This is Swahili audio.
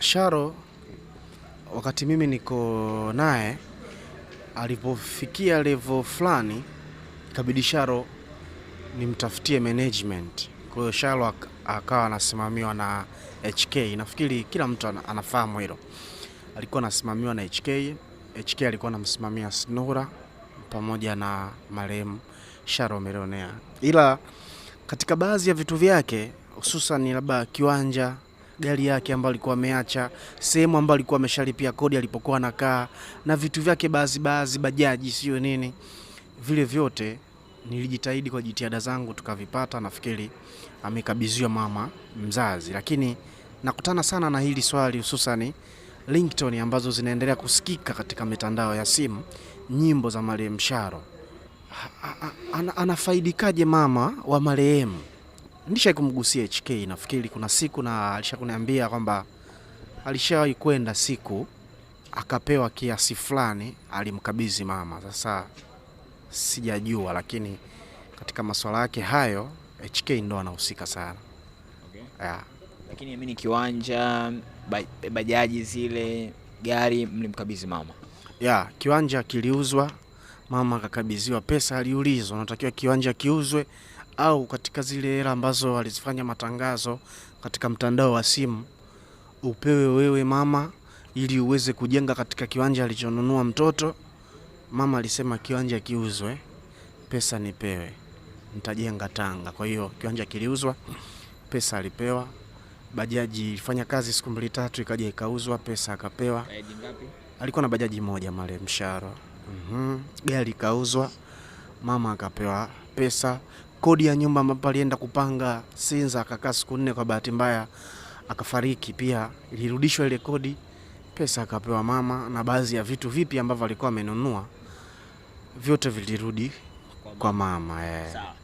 Sharo wakati mimi niko naye, alipofikia level fulani, ikabidi Sharo nimtafutie management. Kwa hiyo Sharo akawa anasimamiwa na HK. Nafikiri kila mtu anafahamu hilo, alikuwa anasimamiwa na HK. HK alikuwa anamsimamia Snura pamoja na marehemu Sharo Millionaire, ila katika baadhi ya vitu vyake hususan labda kiwanja gari yake ambayo alikuwa ameacha, sehemu ambayo alikuwa ameshalipia kodi alipokuwa anakaa, na vitu vyake baadhi baadhi, bajaji sio nini, vile vyote nilijitahidi kwa jitihada zangu tukavipata. Nafikiri amekabidhiwa mama mzazi, lakini nakutana sana na hili swali hususani ringtone ambazo zinaendelea kusikika katika mitandao ya simu, nyimbo za marehemu Sharo. Anafaidikaje mama wa marehemu? Nishawahi kumgusia HK nafikiri kuna siku na alishakuniambia kwamba alishawahi kwenda siku akapewa kiasi fulani alimkabidhi mama. Sasa sijajua, lakini katika masuala yake hayo HK ndo anahusika sana. Okay. Yeah. Lakini mimi ni kiwanja bajaji zile gari mlimkabidhi mama? Yeah, kiwanja kiliuzwa, mama akakabidhiwa pesa. Aliulizwa unatakiwa kiwanja kiuzwe au katika zile hela ambazo alizifanya matangazo katika mtandao wa simu upewe wewe mama, ili uweze kujenga katika kiwanja alichonunua mtoto. Mama alisema kiwanja kiuzwe, pesa nipewe, nitajenga Tanga. Kwa hiyo kiwanja kiliuzwa, pesa alipewa. Bajaji ilifanya kazi siku mbili tatu, ikaja ikauzwa, pesa akapewa. Alikuwa na bajaji moja male Msharo. mm -hmm. Gari kauzwa, mama akapewa pesa kodi ya nyumba ambapo alienda kupanga Sinza, akakaa siku nne, kwa bahati mbaya akafariki. Pia ilirudishwa ile kodi, pesa akapewa mama, na baadhi ya vitu vipi ambavyo alikuwa amenunua vyote vilirudi kwa mama, kwa mama. Yeah.